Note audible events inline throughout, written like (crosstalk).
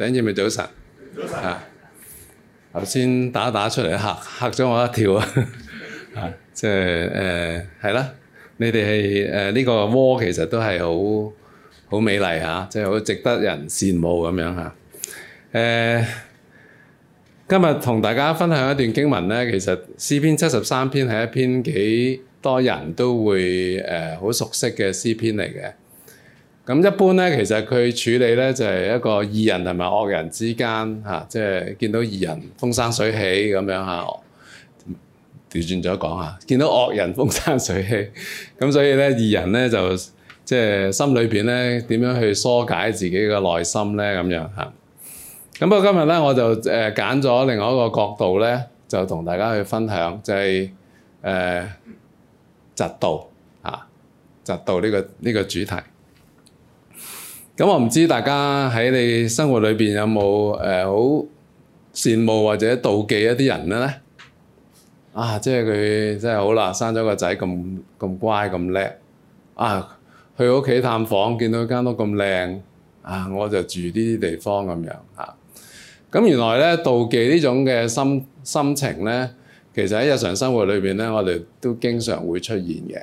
等住咪早晨，早晨，頭先打打出嚟嚇嚇咗我一跳啊！啊，即係誒係啦，你哋係誒呢個窩其實都係好好美麗嚇、啊，即係好值得人羨慕咁樣嚇。誒、啊，今日同大家分享一段經文咧，其實詩篇七十三篇係一篇幾多人都會誒好、呃、熟悉嘅詩篇嚟嘅。咁一般咧，其實佢處理咧就係、是、一個義人同埋惡人之間嚇、啊，即係見到義人風生水起咁樣嚇，調轉咗講嚇，見到惡人風生水起，咁、啊、所以咧義人咧就即係心裏邊咧點樣去疏解自己嘅內心咧咁樣嚇。咁、啊、不過今日咧我就誒揀咗另外一個角度咧，就同大家去分享，就係誒嫉妒嚇，嫉、啊、妒呢、這個呢、這個主題。咁、嗯、我唔知大家喺你生活裏邊有冇誒好羨慕或者妒忌一啲人呢？啊，即係佢真係好啦，生咗個仔咁咁乖咁叻，啊，去屋企探訪見到間屋咁靚，啊，我就住呢啲地方咁樣嚇。咁、啊嗯、原來呢，妒忌呢種嘅心心情呢，其實喺日常生活裏邊呢，我哋都經常會出現嘅。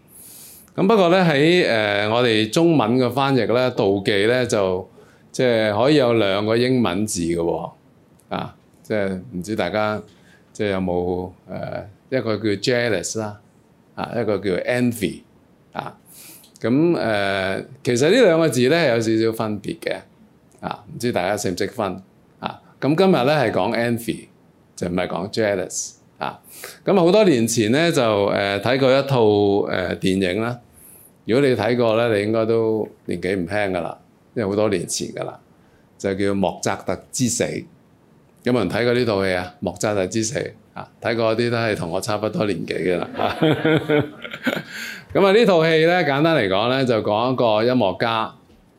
咁不過咧，喺誒我哋中文嘅翻譯咧，妒忌咧就即係可以有兩個英文字嘅喎、哦，啊即係唔知大家即係有冇誒、呃、一個叫 jealous 啦、啊，啊一個叫 envy 啊，咁、嗯、誒、呃、其實呢兩個字咧有少少分別嘅，啊唔知大家識唔識分啊？咁、嗯、今日咧係講 envy 就唔係講 jealous 啊，咁、嗯、好多年前咧就誒睇、呃、過一套誒、呃、電影啦。啊。如果你睇過咧，你應該都年紀唔輕噶啦，因為好多年前噶啦，就叫莫扎特之死。有冇人睇過呢套戲啊？莫扎特之死啊，睇過啲都係同我差不多年紀嘅啦。咁啊， (laughs) 呢套戲咧，簡單嚟講咧，就講一個音樂家。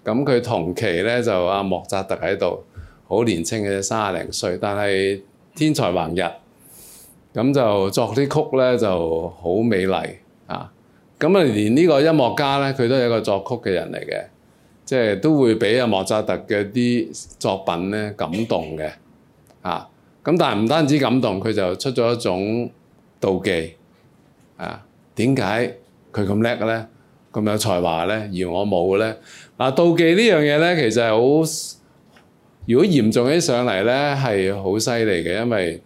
咁佢同期咧就阿、啊、莫扎特喺度，好年輕嘅，三廿零歲，但係天才橫溢。咁就作啲曲咧就好美麗。咁啊，連呢個音樂家咧，佢都係一個作曲嘅人嚟嘅，即係都會俾阿莫扎特嘅啲作品咧感動嘅，啊咁但係唔單止感動，佢就出咗一種妒忌啊，點解佢咁叻咧、咁有才華咧，而我冇咧？啊妒忌呢樣嘢咧，其實係好，如果嚴重起上嚟咧，係好犀利嘅，因為，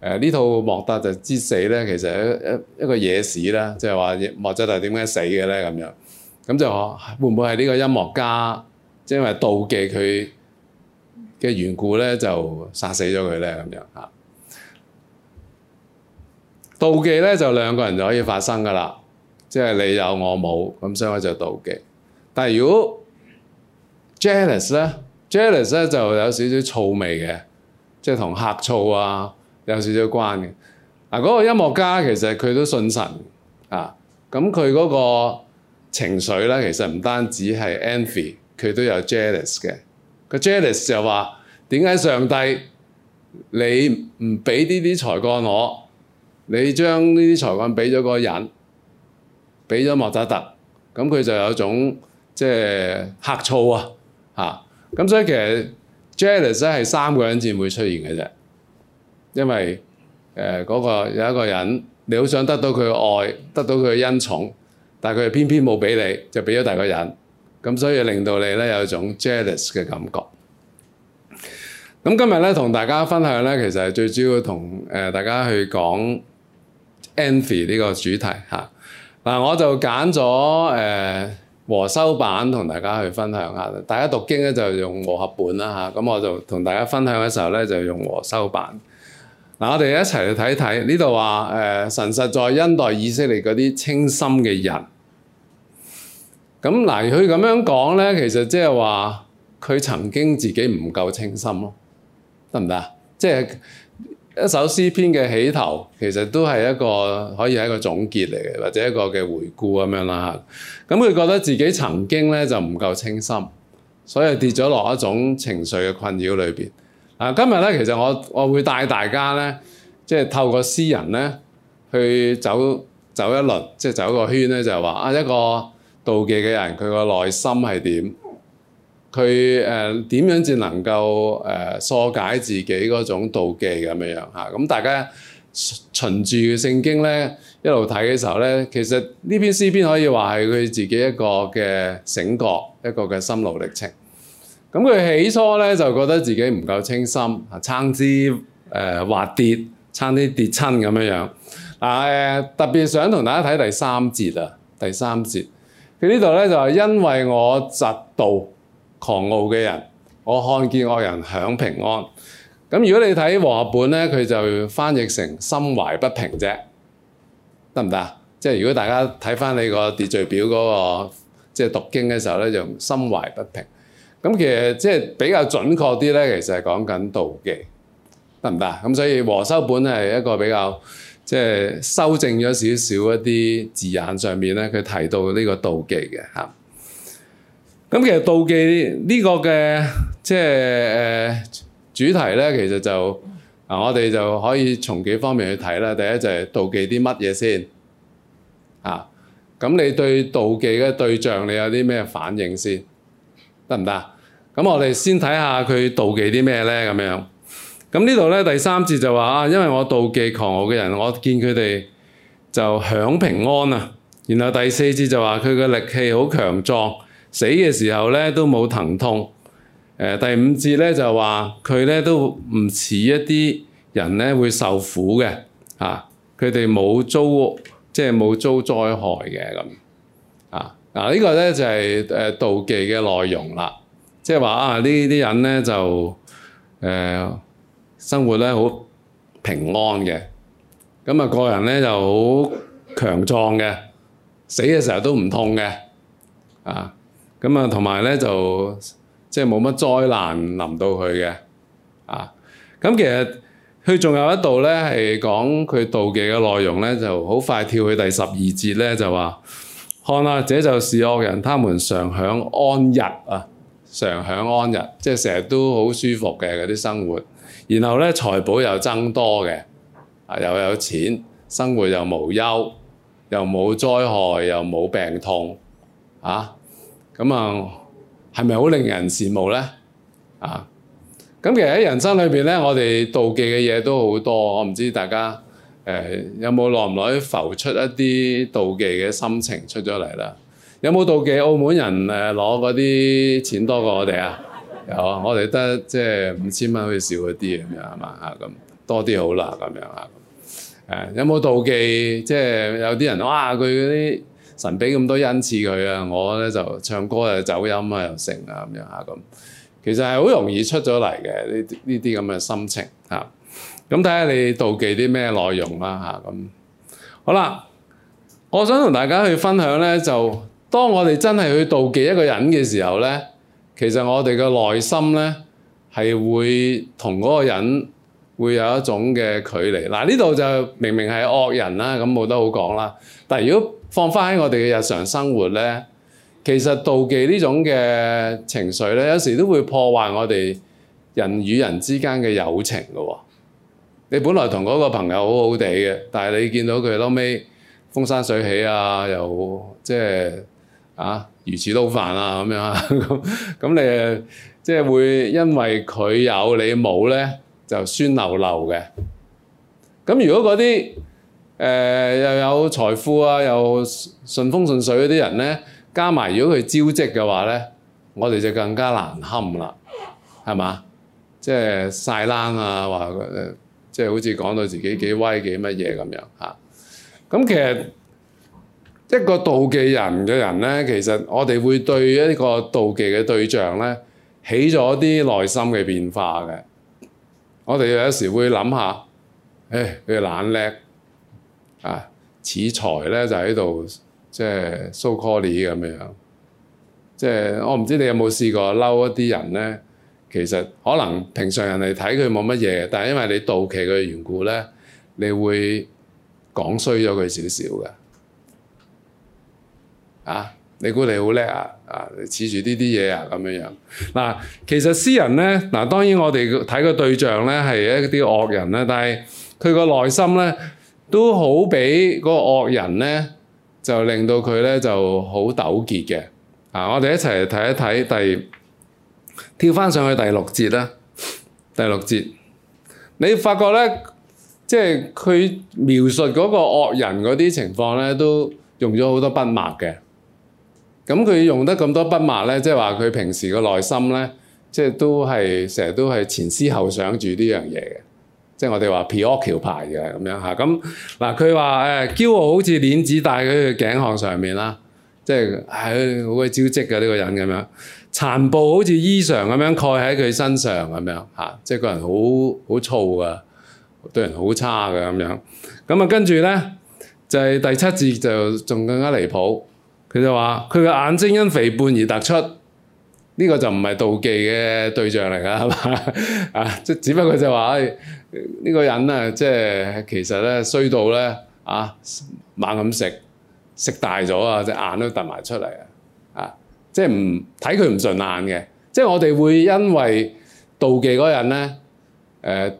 誒呢、呃、套莫達就之死咧，其實一一一個野史啦，即係話莫扎特點解死嘅咧咁樣，咁就會唔會係呢個音樂家，即係因為妒忌佢嘅緣故咧，就殺死咗佢咧咁樣嚇？妒忌咧就兩個人就可以發生噶啦，即係你有我冇，咁所以就妒忌。但係如果 jealous 咧，jealous 咧就有少少醋味嘅，即係同呷醋啊～有少少關嘅，嗱、啊、嗰、那個音樂家其實佢都信神啊，咁佢嗰個情緒咧其實唔單止係 envy，佢都有 jealous 嘅。個 jealous 就話，點解上帝你唔俾呢啲才幹我，你將呢啲才幹俾咗個人，俾咗莫扎特，咁佢就有種即係、就是、呷醋啊，啊，咁所以其實 jealous 咧係三個人至會出現嘅啫。因為誒嗰、呃那個有一個人，你好想得到佢嘅愛，得到佢嘅恩寵，但係佢偏偏冇俾你，就俾咗第二個人，咁所以令到你咧有一種 jealous 嘅感覺。咁今日咧同大家分享咧，其實最主要同誒大家去講 envy 呢個主題嚇。嗱、啊啊，我就揀咗誒和修版同大家去分享下。大家讀經咧就用和合本啦嚇，咁、啊、我就同大家分享嘅時候咧就用和修版。嗱，我哋一齊嚟睇睇呢度話，誒、呃、神實在恩待以色列嗰啲清心嘅人。咁嗱，佢咁樣講咧，其實即係話佢曾經自己唔夠清心咯，得唔得啊？即係一首詩篇嘅起頭，其實都係一個可以係一個總結嚟嘅，或者一個嘅回顧咁樣啦嚇。咁佢覺得自己曾經咧就唔夠清心，所以跌咗落一種情緒嘅困擾裏邊。啊，今日咧，其實我我會帶大家咧，即係透過詩人咧，去走走一輪，即係走一個圈咧，就係話啊一個妒忌嘅人，佢個內心係點？佢誒點樣至能夠誒疏解自己嗰種妒忌咁樣樣嚇？咁、嗯、大家循住聖經咧一路睇嘅時候咧，其實呢篇詩篇可以話係佢自己一個嘅醒覺，一個嘅心路歷程。咁佢、嗯、起初咧就覺得自己唔夠清心，啊差啲誒滑跌，差啲跌親咁樣樣。嗱、呃、誒，特別想同大家睇第三節啊，第三節。佢呢度咧就係因為我嫉妒狂傲嘅人，我看見惡人享平安。咁、嗯、如果你睇和合本咧，佢就翻譯成心懷不平啫，得唔得啊？即係如果大家睇翻你個秩序表嗰、那個，即係讀經嘅時候咧，就心懷不平。咁其實即係比較準確啲咧，其實係講緊妒忌，得唔得啊？咁所以和修本係一個比較即係修正咗少少一啲字眼上面咧，佢提到呢個妒忌嘅嚇。咁、啊、其實妒忌呢個嘅即係誒主題咧，其實就啊，我哋就可以從幾方面去睇啦。第一就係妒忌啲乜嘢先啊？咁你對妒忌嘅對象，你有啲咩反應先？得唔得？咁我哋先睇下佢妒忌啲咩咧咁樣。咁呢度咧第三節就話啊，因為我妒忌狂傲嘅人，我見佢哋就享平安啊。然後第四節就話佢嘅力氣好強壯，死嘅時候咧都冇疼痛。誒、呃、第五節咧就話佢咧都唔似一啲人咧會受苦嘅啊。佢哋冇遭即係冇遭災害嘅咁啊。嗱、啊這個、呢個咧就係、是、誒、呃、妒忌嘅內容啦。即係話啊！呢啲人咧就誒、呃、生活咧好平安嘅，咁、那、啊個人咧就好強壯嘅，死嘅時候都唔痛嘅啊！咁啊同埋咧就即係冇乜災難臨到佢嘅啊！咁、啊、其實佢仲有一度咧係講佢妒忌嘅內容咧，就好快跳去第十二節咧就話：看啊，這就是惡人，他們常享安逸啊！常享安逸，即係成日都好舒服嘅嗰啲生活，然後呢，財寶又增多嘅，啊又有錢，生活又無憂，又冇災害，又冇病痛，啊咁啊，係咪好令人羨慕呢？啊咁其實喺人生裏邊呢，我哋妒忌嘅嘢都好多，我唔知大家誒、呃、有冇耐唔耐浮出一啲妒忌嘅心情出咗嚟啦。有冇妒忌？澳門人誒攞嗰啲錢多過我哋啊！ (laughs) 有啊，我哋得即係五千蚊，可以少咗啲咁樣係嘛？啊咁多啲好啦咁樣啊誒！有冇妒忌？即係有啲人哇，佢嗰啲神俾咁多恩賜佢啊！我咧就唱歌又走音啊，又成啊咁樣啊，咁，其實係好容易出咗嚟嘅呢啲呢啲咁嘅心情嚇。咁睇下你妒忌啲咩內容啦嚇咁。好啦，我想同大家去分享咧就。當我哋真係去妒忌一個人嘅時候呢，其實我哋嘅內心呢係會同嗰個人會有一種嘅距離。嗱、啊，呢度就明明係惡人啦，咁冇得好講啦。但係如果放翻喺我哋嘅日常生活呢，其實妒忌呢種嘅情緒呢，有時都會破壞我哋人與人之間嘅友情㗎、哦。你本來同嗰個朋友好好地嘅，但係你見到佢後尾風生水起啊，又即係～啊，如此都煩啊，咁樣啊，咁咁你誒，即係會因為佢有你冇咧，就酸溜溜嘅。咁如果嗰啲誒又有財富啊，又順風順水嗰啲人咧，加埋如果佢招職嘅話咧，我哋就更加難堪啦，係嘛？即係晒冷啊，話即係好似講到自己幾威幾乜嘢咁樣嚇。咁其實，一個妒忌人嘅人呢，其實我哋會對一個妒忌嘅對象呢起咗啲內心嘅變化嘅。我哋有時會諗下，誒佢懶叻啊，恃才呢就喺度即係 so called 咁樣。即係我唔知你有冇試過嬲一啲人呢？其實可能平常人嚟睇佢冇乜嘢，但係因為你妒忌佢嘅緣故呢，你會講衰咗佢少少嘅。啊！你估你好叻啊！啊，恃住呢啲嘢啊，咁樣樣嗱、啊，其實詩人咧，嗱、啊、當然我哋睇個對象咧係一啲惡人咧，但係佢個內心咧都好俾嗰個惡人咧，就令到佢咧就好糾結嘅。啊，我哋一齊睇一睇第跳翻上去第六節啦。第六節，你發覺咧，即係佢描述嗰個惡人嗰啲情況咧，都用咗好多筆墨嘅。咁佢用得咁多筆墨咧，即係話佢平時個內心咧，即係都係成日都係前思後想住呢樣嘢嘅，即係我哋話 preoccupy 嘅咁樣吓。咁嗱佢話誒，驕傲好似鏈子戴喺佢頸項上面啦，即係係好鬼招積嘅呢個人咁樣。殘暴好似衣裳咁樣蓋喺佢身上咁樣吓，即係個人好好燥噶，對人好差噶咁樣。咁啊跟住咧就係、是、第七節就仲更加離譜。佢就話：佢嘅眼睛因肥胖而突出，呢、這個就唔係妒忌嘅對象嚟㗎，係嘛、 (laughs) 就是哎這個啊啊？啊，即只不過就話：哎，呢個人啊，即係其實咧衰到咧，啊猛咁食，食大咗啊，隻眼都凸埋出嚟啊！即係唔睇佢唔順眼嘅。即係我哋會因為妒忌嗰人咧，誒、呃，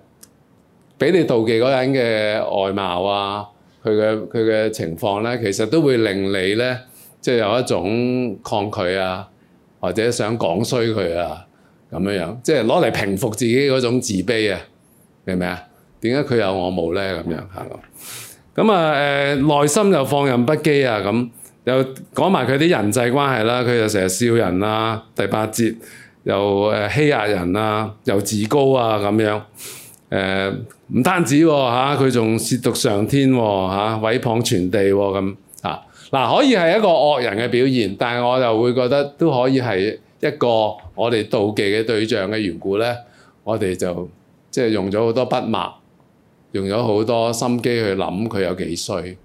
俾你妒忌嗰人嘅外貌啊，佢嘅佢嘅情況咧，其實都會令你咧。即係有一種抗拒啊，或者想講衰佢啊，咁樣樣，即係攞嚟平復自己嗰種自卑啊，明唔明啊？點解佢有我冇咧？咁樣嚇咁。咁啊誒，內、呃、心又放任不羈啊，咁又講埋佢啲人際關係啦，佢又成日笑人啦、啊。第八節又誒、呃、欺壓人啊，又自高啊，咁樣誒唔、呃、單止嚇、啊，佢仲褻瀆上天嚇、啊，毀、啊、謗全地咁、啊。嗱、啊，可以係一個惡人嘅表現，但係我又會覺得都可以係一個我哋妒忌嘅對象嘅緣故咧，我哋就即係、就是、用咗好多筆墨，用咗好多心機去諗佢有幾衰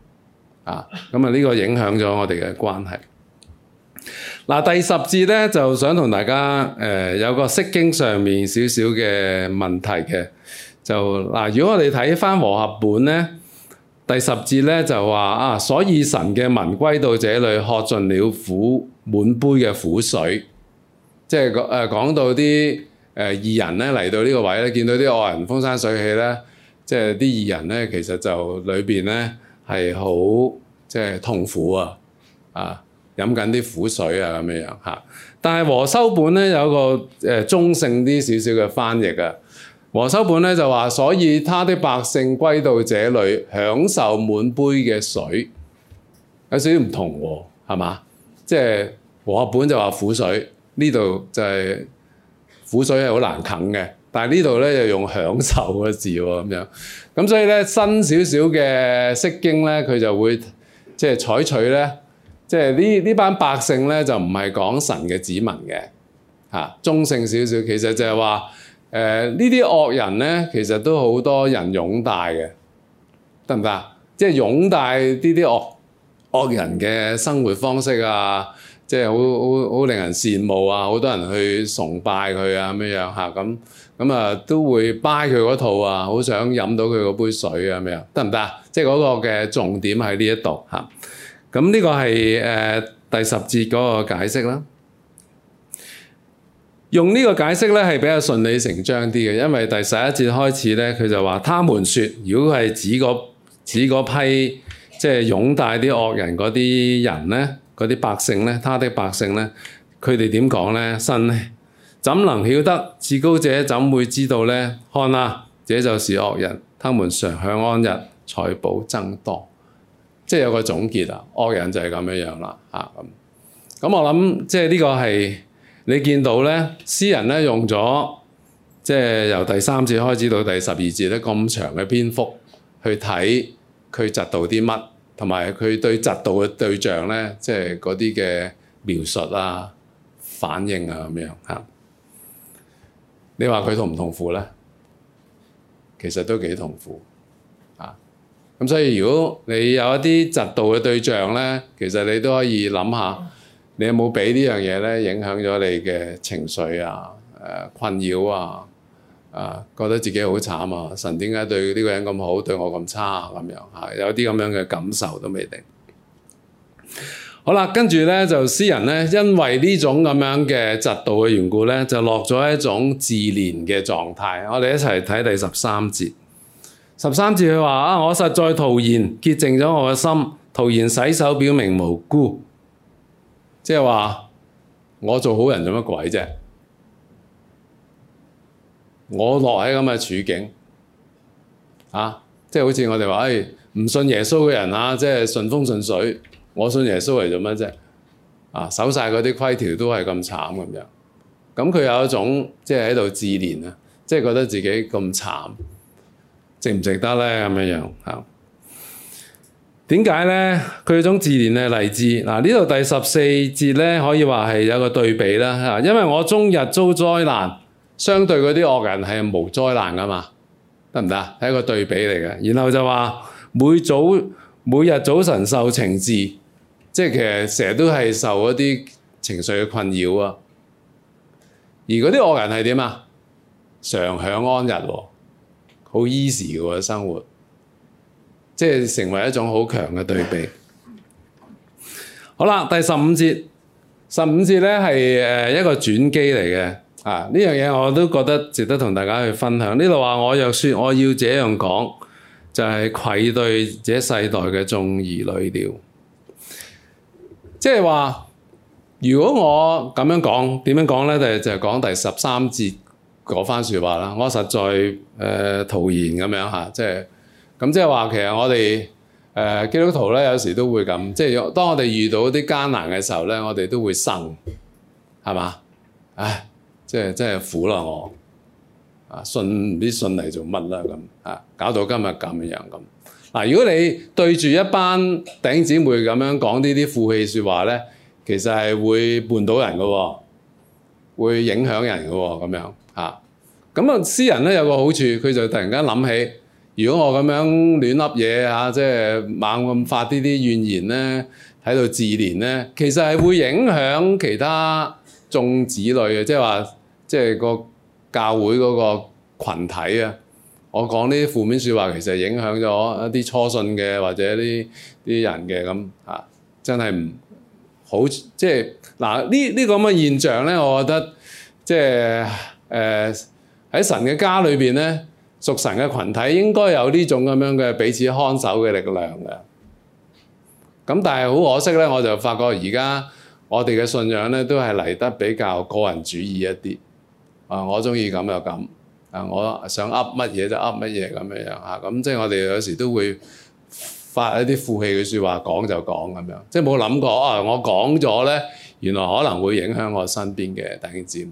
啊！咁啊，呢個影響咗我哋嘅關係。嗱、啊，第十節咧，就想同大家誒、呃、有個釋經上面少少嘅問題嘅，就嗱、啊，如果我哋睇返和合本咧。第十節咧就話啊，所以神嘅民歸到這裡，喝盡了苦滿杯嘅苦水，即係誒、呃、講到啲誒義人咧嚟到呢個位咧，見到啲惡人風生水起咧，即係啲義人咧其實就裏邊咧係好即係痛苦啊，啊飲緊啲苦水啊咁樣樣嚇。但係和修本咧有個誒、呃、中性啲少少嘅翻譯啊。和修本咧就話，所以他的百姓歸到這裏，享受滿杯嘅水。有少少唔同喎、啊，係嘛？即、就、係、是、和修本就話苦水，呢度就係苦水係好難啃嘅。但係呢度咧又用享受嘅字喎、哦，咁樣。咁所以咧新少少嘅釋經咧，佢就會即係採取咧，即係呢呢班百姓咧就唔係講神嘅子民嘅，嚇、啊、中性少少，其實就係話。誒呢啲惡人咧，其實都好多人擁戴嘅，得唔得？即係擁戴呢啲惡惡人嘅生活方式啊，即係好好好令人羨慕啊，好多人去崇拜佢啊，咁樣嚇咁咁啊，都會掰佢嗰套啊，好想飲到佢嗰杯水啊，咁樣得唔得？即係嗰個嘅重點喺呢一度嚇。咁、啊、呢個係誒、呃、第十節嗰個解釋啦。用呢個解釋咧係比較順理成章啲嘅，因為第十一節開始咧，佢就話：他們說，如果係指指嗰批即係擁戴啲惡人嗰啲人咧，嗰啲百姓咧，他的百姓咧，佢哋點講咧？神咧？怎能曉得至高者怎會知道咧？看啦，啊，這就是惡人，他們常享安逸，財寶增多，即係有個總結惡啊！惡人就係咁樣樣啦，嚇咁。咁我諗即係呢個係。你見到呢，詩人呢用咗即係由第三節開始到第十二節呢咁長嘅篇幅去睇佢嫉妒啲乜，同埋佢對嫉妒嘅對象呢，即係嗰啲嘅描述啊、反應啊咁樣嚇。你話佢痛唔痛苦呢？其實都幾痛苦。咁所以如果你有一啲嫉妒嘅對象呢，其實你都可以諗下。你有冇俾呢樣嘢咧影響咗你嘅情緒啊？呃、困擾啊！啊、呃，覺得自己好慘啊！神點解對呢個人咁好，對我咁差咁、啊、樣？嚇、啊，有啲咁樣嘅感受都未定。好啦，跟住呢，就詩人呢，因為呢種咁樣嘅嫉妒嘅緣故呢，就落咗一種自憐嘅狀態。我哋一齊睇第十三節。十三節佢話啊：我實在徒然，潔淨咗我嘅心，徒然洗手，表明無辜。即係話，我做好人做乜鬼啫？我落喺咁嘅處境，啊！即係好似我哋話，誒、哎，唔信耶穌嘅人啊，即係順風順水。我信耶穌嚟做乜啫？啊，守晒嗰啲規條都係咁慘咁樣。咁佢有一種即係喺度自憐啊，即係覺得自己咁慘，值唔值得咧？咁樣樣，吓。點解呢？佢有種自然嘅例子嗱，呢度第十四節呢，可以話係有個對比啦嚇，因為我終日遭災難，相對嗰啲惡人係無災難噶嘛，得唔得啊？係一個對比嚟嘅。然後就話每早每日早晨受懲治，即係其實成日都係受一啲情緒嘅困擾啊。而嗰啲惡人係點啊？常享安逸，好 easy 嘅生活。即係成為一種好強嘅對比。好啦，第十五節，十五節咧係誒一個轉機嚟嘅啊！呢樣嘢我都覺得值得同大家去分享。呢度話我若説我要這樣講，就係、是、愧對這世代嘅眾兒女了。即係話，如果我咁樣講，點樣講咧？就係、是、講第十三節嗰番説話啦。我實在誒徒、呃、然咁樣吓，即係。咁即係話，其實我哋誒、呃、基督徒咧，有時都會咁，即係當我哋遇到啲艱難嘅時候咧，我哋都會呻係嘛？唉，即係真係苦啦我啊，信唔知信嚟做乜啦咁啊？搞到今日咁樣咁嗱、啊，如果你對住一班頂姊妹咁樣講呢啲負氣説話咧，其實係會絆倒人噶，會影響人噶咁樣嚇。咁啊，詩人咧有個好處，佢就突然間諗起。如果我咁樣亂笠嘢嚇，即係猛咁發啲啲怨言咧，喺度自憐咧，其實係會影響其他眾子女嘅，即係話，即係個教會嗰個羣體啊。我講呢啲負面説話，其實影響咗一啲初信嘅或者啲啲人嘅咁啊，真係唔好。即係嗱，呢呢個咁嘅現象咧，我覺得即係誒喺神嘅家裏邊咧。屬神嘅群體應該有呢種咁樣嘅彼此看守嘅力量嘅。咁但係好可惜呢，我就發覺而家我哋嘅信仰呢，都係嚟得比較個人主義一啲。啊，我中意咁就咁。啊，我想噏乜嘢就噏乜嘢咁樣啊。咁、嗯、即係我哋有時都會發一啲負氣嘅説話，講就講咁樣。即係冇諗過啊！我講咗呢，原來可能會影響我身邊嘅弟兄姊妹。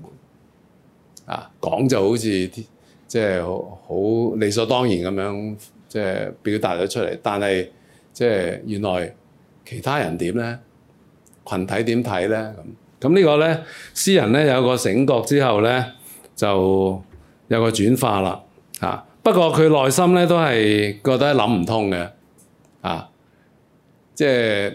啊，講就好似～即係好理所當然咁樣，即係表達咗出嚟。但係即係原來其他人點呢？群體點睇呢？咁咁呢個呢，詩人呢有個醒覺之後呢，就有個轉化啦。嚇！不過佢內心呢都係覺得諗唔通嘅。嚇、啊！即係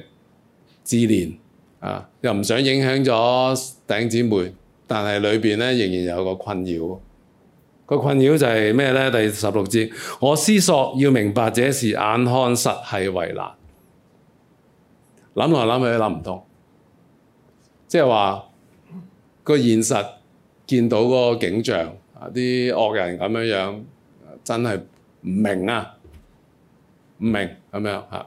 自憐啊，又唔想影響咗頂姊妹，但係裏邊呢，仍然有個困擾。個困擾就係咩咧？第十六節，我思索要明白這事，眼看實係為難。諗來諗去都諗唔通，即係話個現實見到嗰個景象啊，啲惡人咁樣樣，真係唔明啊，唔明咁樣嚇。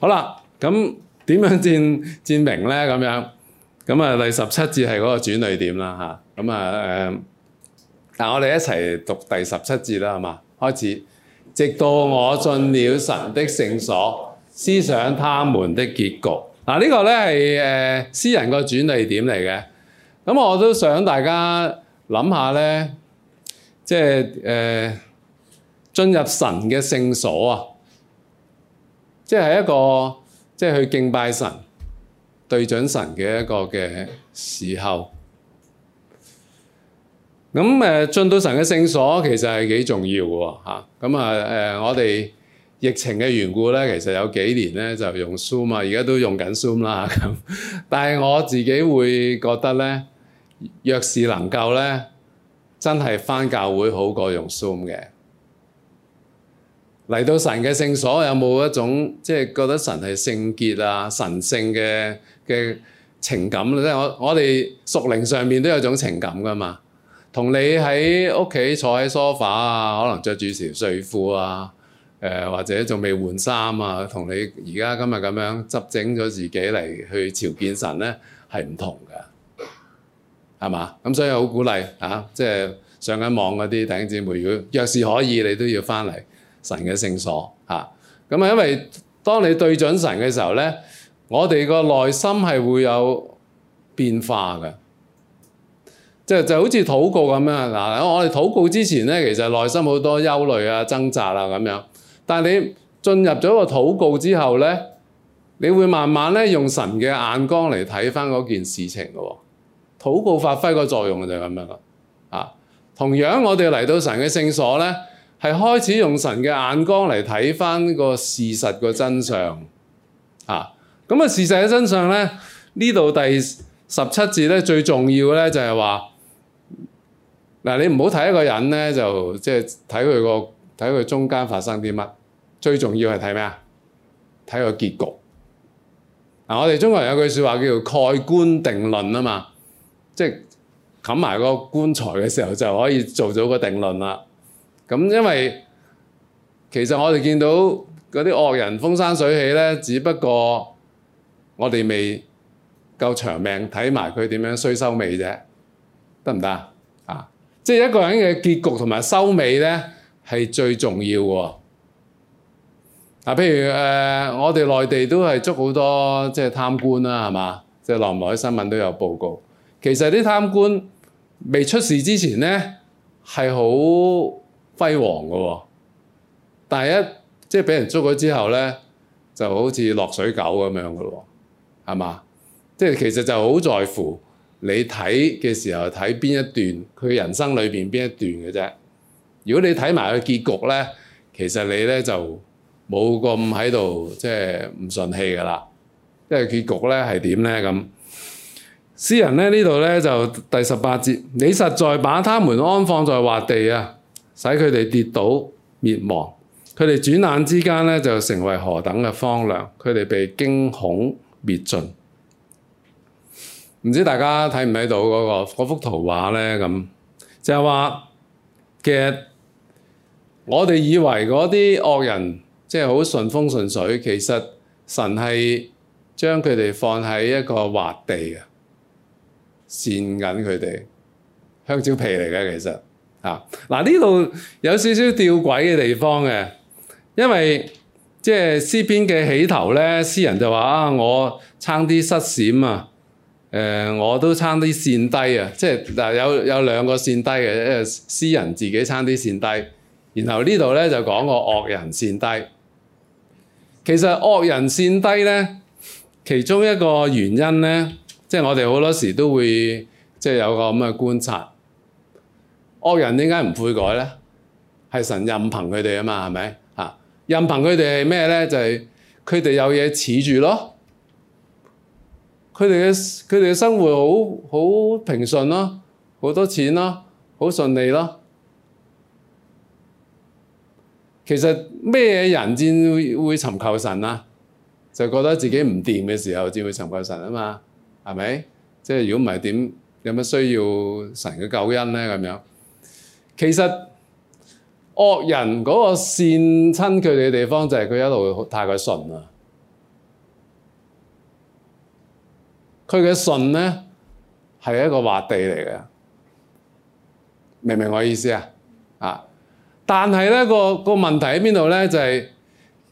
好啦，咁點樣漸漸明咧？咁樣咁啊，第十七節係嗰個轉捩點啦吓，咁啊誒。嗯嗯嗱、啊，我哋一齊讀第十七節啦，係嘛？開始，直到我進了神的聖所，思想他們的結局。嗱、啊，呢、這個呢係誒、呃、詩人個轉捩點嚟嘅。咁、嗯、我都想大家諗下呢，即係誒進入神嘅聖所啊，即係一個即係去敬拜神、對準神嘅一個嘅時候。咁誒進到神嘅聖所，其實係幾重要嘅嚇。咁啊誒，我哋疫情嘅緣故咧，其實有幾年咧就用 Zoom 啊，而家都用緊 Zoom 啦。但係我自己會覺得咧，若是能夠咧，真係返教會好過用 Zoom 嘅。嚟到神嘅聖所，有冇一種即係覺得神係聖潔啊、神聖嘅嘅情感咧？即係我我哋屬靈上面都有種情感噶嘛。同你喺屋企坐喺梳化啊，可能着住條睡褲啊，誒、呃、或者仲未換衫啊，同你而家今日咁樣執整咗自己嚟去朝見神咧，係唔同噶，係嘛？咁所以好鼓勵啊，即係上緊網嗰啲弟兄姊妹，如果若是可以，你都要翻嚟神嘅聖所嚇。咁啊，因為當你對準神嘅時候咧，我哋個內心係會有變化嘅。就就好似禱告咁樣，嗱我哋禱告之前咧，其實內心好多憂慮啊、掙扎啦咁樣。但係你進入咗個禱告之後咧，你會慢慢咧用神嘅眼光嚟睇翻嗰件事情嘅喎。禱告發揮個作用就係咁樣啦。啊，同樣我哋嚟到神嘅聖所咧，係開始用神嘅眼光嚟睇翻個事實個真相。啊，咁、那、啊、個、事實嘅真相咧，呢度第十七節咧最重要咧就係話。嗱，你唔好睇一個人咧，就即係睇佢個睇佢中間發生啲乜，最重要係睇咩啊？睇個結局。嗱、啊，我哋中國人有句説話叫做蓋棺定論啊嘛，即係冚埋個棺材嘅時候就可以做咗個定論啦。咁因為其實我哋見到嗰啲惡人風生水起咧，只不過我哋未夠長命睇埋佢點樣衰收尾啫，得唔得啊？即係一個人嘅結局同埋收尾咧，係最重要嘅喎、哦啊。譬如誒、呃，我哋內地都係捉好多即係貪官啦、啊，係嘛？即係落唔落啲新聞都有報告。其實啲貪官未出事之前咧，係好輝煌嘅喎、哦。但係一即係俾人捉咗之後咧，就好似落水狗咁樣嘅喎、哦，係嘛？即係其實就好在乎。你睇嘅時候睇邊一段，佢人生裏面邊一段嘅啫。如果你睇埋個結局咧，其實你咧就冇咁喺度即係唔順氣噶啦。因為結局咧係點咧？咁，詩人咧呢度咧就第十八節，你實在把他們安放在滑地啊，使佢哋跌倒滅亡。佢哋轉眼之間咧就成為何等嘅荒涼，佢哋被驚恐滅盡。唔知大家睇唔睇到嗰個嗰幅圖畫呢？咁就係話嘅，其實我哋以為嗰啲惡人即係好順風順水，其實神係將佢哋放喺一個滑地啊，跣緊佢哋香蕉皮嚟嘅。其實啊嗱，呢度有少少吊詭嘅地方嘅，因為即係詩篇嘅起頭呢，詩人就話啊，我撐啲失閃啊！誒、呃，我都撐啲線低啊，即係嗱有有兩個線低嘅，一係私人自己撐啲線低，然後呢度咧就講個惡人線低。其實惡人線低咧，其中一個原因咧，即係我哋好多時都會即係有個咁嘅觀察，惡人點解唔悔改咧？係神任憑佢哋啊嘛，係咪啊？任憑佢哋係咩咧？就係佢哋有嘢恃住咯。佢哋嘅佢哋嘅生活好好平順啦、啊，好多錢啦、啊，好順利啦、啊。其實咩人先會會尋求神啊？就覺得自己唔掂嘅時候先會尋求神啊嘛，係咪？即係如果唔係點有乜需要神嘅救恩咧？咁樣其實惡人嗰個善親佢哋嘅地方就係佢一路太過順啦、啊。佢嘅順呢，係一個滑地嚟嘅，明唔明我的意思啊？啊！但係呢個個問題喺邊度呢？就係、是、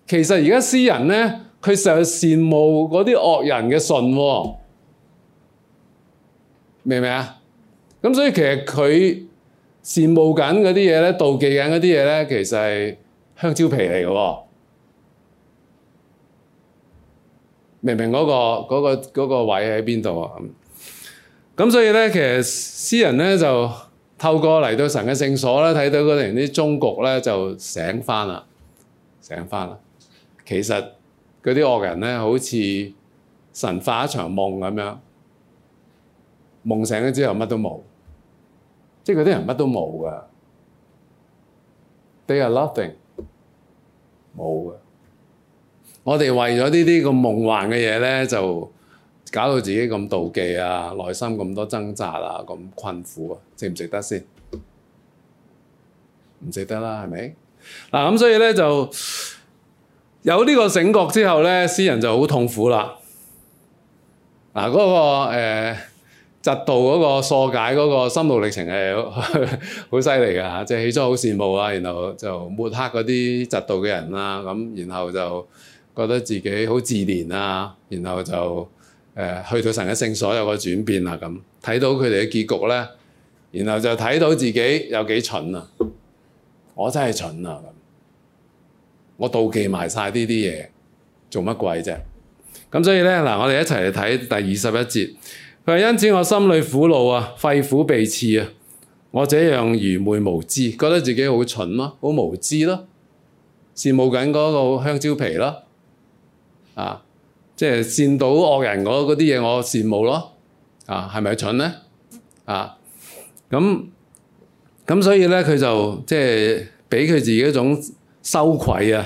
其實而家詩人呢，佢成日羨慕嗰啲惡人嘅順、哦，明唔明啊？咁所以其實佢羨慕緊嗰啲嘢咧，妒忌緊嗰啲嘢咧，其實係香蕉皮嚟噶喎。明明嗰個嗰個嗰個位喺邊度啊？咁所以呢，其實詩人呢就透過嚟到神嘅聖所呢，睇到嗰啲人啲終局呢就醒返喇，醒返喇。其實嗰啲惡人呢，好似神化一場夢咁樣，夢醒咗之後乜都冇，即係嗰啲人乜都冇㗎，They are nothing，冇㗎。我哋為咗呢啲咁夢幻嘅嘢咧，就搞到自己咁妒忌啊，內心咁多掙扎啊，咁困苦啊，值唔值得先？唔值得啦，係咪？嗱、啊、咁所以咧就有呢個醒覺之後咧，詩人就好痛苦啦。嗱、啊、嗰、嗰個誒窒、呃、道嗰個疏解嗰個心路歷程係好犀利㗎嚇，即係起初好羨慕啊，然後就抹黑嗰啲窒道嘅人啦。咁、啊、然後就～覺得自己好自憐啊，然後就誒、呃、去到神嘅聖所有嘅轉變啦、啊，咁睇到佢哋嘅結局咧，然後就睇到自己有幾蠢啊！我真係蠢啊！我妒忌埋晒呢啲嘢，做乜鬼啫？咁所以咧嗱，我哋一齊嚟睇第二十一節。佢話：因此我心裏苦惱啊，肺腑被刺啊，我這樣愚昧無知，覺得自己好蠢咯、啊，好無知咯、啊，羨慕緊嗰個香蕉皮咯、啊。啊，即係見到惡人嗰啲嘢，我羨慕咯。啊，係咪蠢咧？啊，咁咁所以咧，佢就即係俾佢自己一種羞愧啊，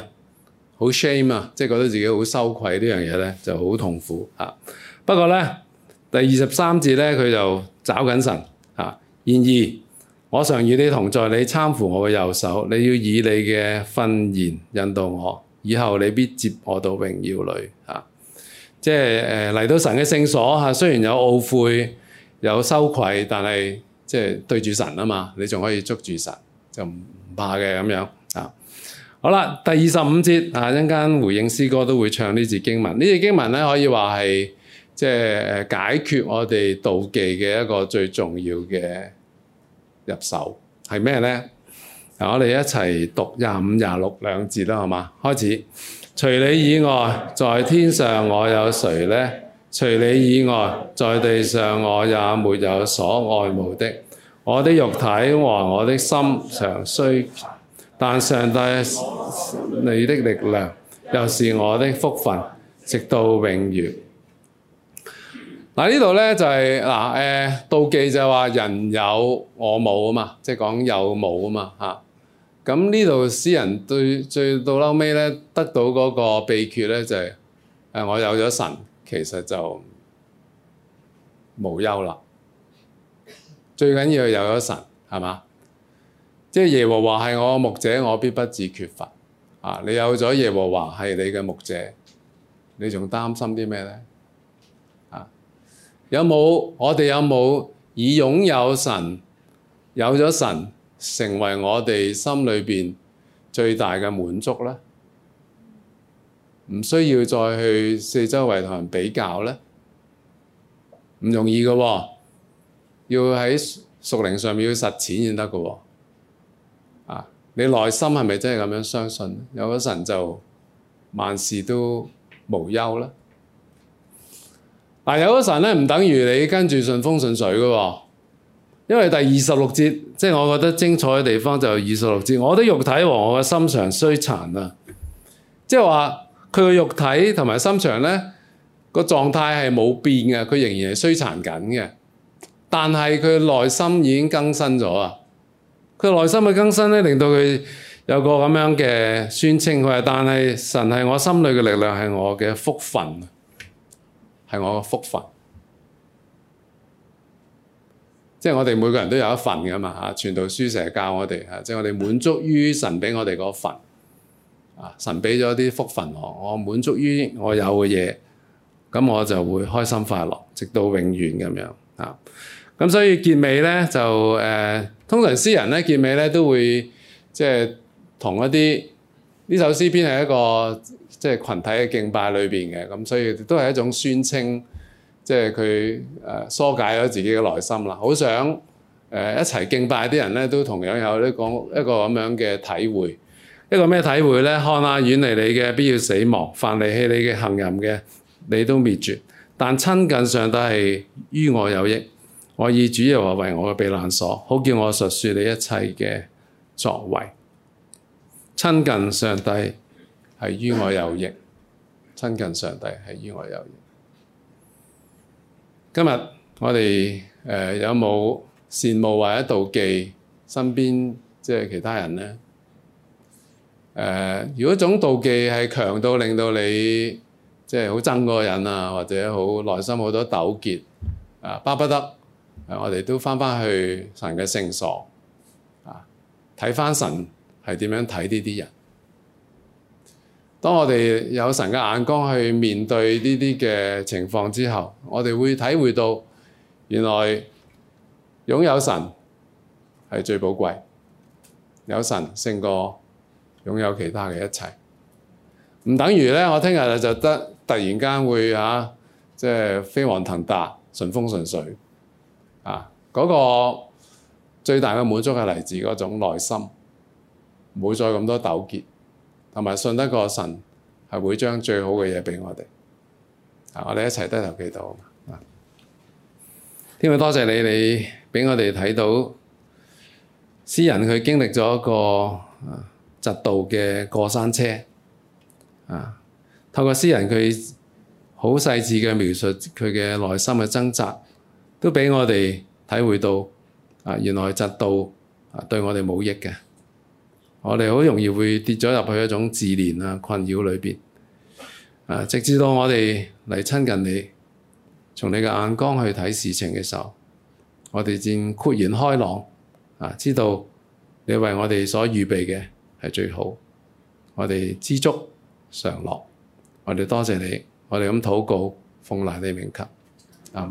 好 shame 啊，即係覺得自己好羞愧呢樣嘢咧，就好痛苦啊。不過咧，第二十三節咧，佢就找緊神啊。然而，我常與你同在，你參乎我嘅右手，你要以你嘅訓言引導我。以後你必接我到榮耀裏，嚇、啊，即係誒嚟到神嘅聖所嚇。雖然有懊悔，有羞愧，但係即係對住神啊嘛，你仲可以捉住神，就唔怕嘅咁樣啊。好啦，第二十五節啊，陣間回應詩歌都會唱呢節經文。呢節經文咧，可以話係即係誒解決我哋妒忌嘅一個最重要嘅入手，係咩咧？我哋一齊讀廿五、廿六兩節啦，好嘛？開始，除你以外，在天上我有誰呢？除你以外，在地上我也沒有所愛慕的。我的肉體和我的心腸衰殘，但上帝你的力量又是我的福分，直到永遠。嗱、嗯，呢度咧就係、是、嗱，誒妒忌就係話人有我冇啊嘛，即係講有冇啊嘛嚇。咁呢度詩人最到最到嬲尾咧，得到嗰個秘訣咧就係：誒，我有咗神，其實就無憂啦。最緊要有咗神，係嘛？即係耶和華係我嘅牧者，我必不致缺乏。啊，你有咗耶和華係你嘅牧者，你仲擔心啲咩咧？啊，有冇我哋有冇已擁有神？有咗神？成為我哋心裏邊最大嘅滿足呢，唔需要再去四周圍同人比較呢，唔容易嘅喎、哦，要喺屬靈上面要實踐先得嘅喎。你內心係咪真係咁樣相信？有咗神就萬事都無憂呢，但有咗神呢，唔等於你跟住順風順水嘅喎、哦。因為第二十六節，即係我覺得精彩嘅地方就係二十六節。我的肉體和我嘅心腸衰殘啊，即係話佢嘅肉體同埋心腸呢個狀態係冇變嘅，佢仍然係衰殘緊嘅。但係佢內心已經更新咗啊！佢內心嘅更新呢，令到佢有個咁樣嘅宣稱：佢話，但係神係我心裏嘅力量，係我嘅福分，係我嘅福分。即係我哋每個人都有一份嘅嘛嚇，傳道書成日教我哋嚇，即係我哋滿足於神俾我哋嗰份啊，神俾咗啲福分我，我滿足於我有嘅嘢，咁我就會開心快樂，直到永遠咁樣啊。咁所以結尾咧就誒、啊，通常詩人咧結尾咧都會即係、就是、同一啲呢首詩篇係一個即係、就是、群體嘅敬拜裏邊嘅，咁所以都係一種宣稱，即係佢誒疏解咗自己嘅內心啦，好想誒、呃、一齊敬拜啲人咧，都同樣有呢個一個咁樣嘅體會。一個咩體會咧？看啊，遠離你嘅必要死亡，凡離棄你嘅信任嘅，你都滅絕。但親近上帝係於我有益，我以主耶和華為我嘅避難所，好叫我述説你一切嘅作為。親近上帝係於我有益，親近上帝係於我有益。今日我哋誒、呃、有冇羨慕或者妒忌身邊即係其他人咧？誒、呃，如果種妒忌係強到令到你即係好憎嗰個人啊，或者好內心好多糾結啊，巴不得，啊，我哋都翻翻去神嘅聖所啊，睇翻神係點樣睇呢啲人。當我哋有神嘅眼光去面對呢啲嘅情況之後，我哋會體會到原來擁有神係最寶貴，有神勝過擁有其他嘅一切。唔等於咧，我聽日就得突然間會啊，即係飛黃騰達、順風順水啊！嗰個最大嘅滿足係嚟自嗰種內心，唔會再咁多糾結。同埋信得過神係會將最好嘅嘢俾我哋，啊！我哋一齊低頭祈禱。啊！天父多謝你，你俾我哋睇到，詩人佢經歷咗一個啊，嫉妒嘅過山車。啊！透過詩人佢好細緻嘅描述佢嘅內心嘅掙扎，都俾我哋體會到啊！原來嫉妒啊，對我哋冇益嘅。我哋好容易會跌咗入去一種自憐啊困擾裏邊，啊直至到我哋嚟親近你，從你嘅眼光去睇事情嘅時候，我哋先豁然開朗啊，知道你為我哋所預備嘅係最好，我哋知足常樂，我哋多謝你，我哋咁禱告，奉賴你名給啊。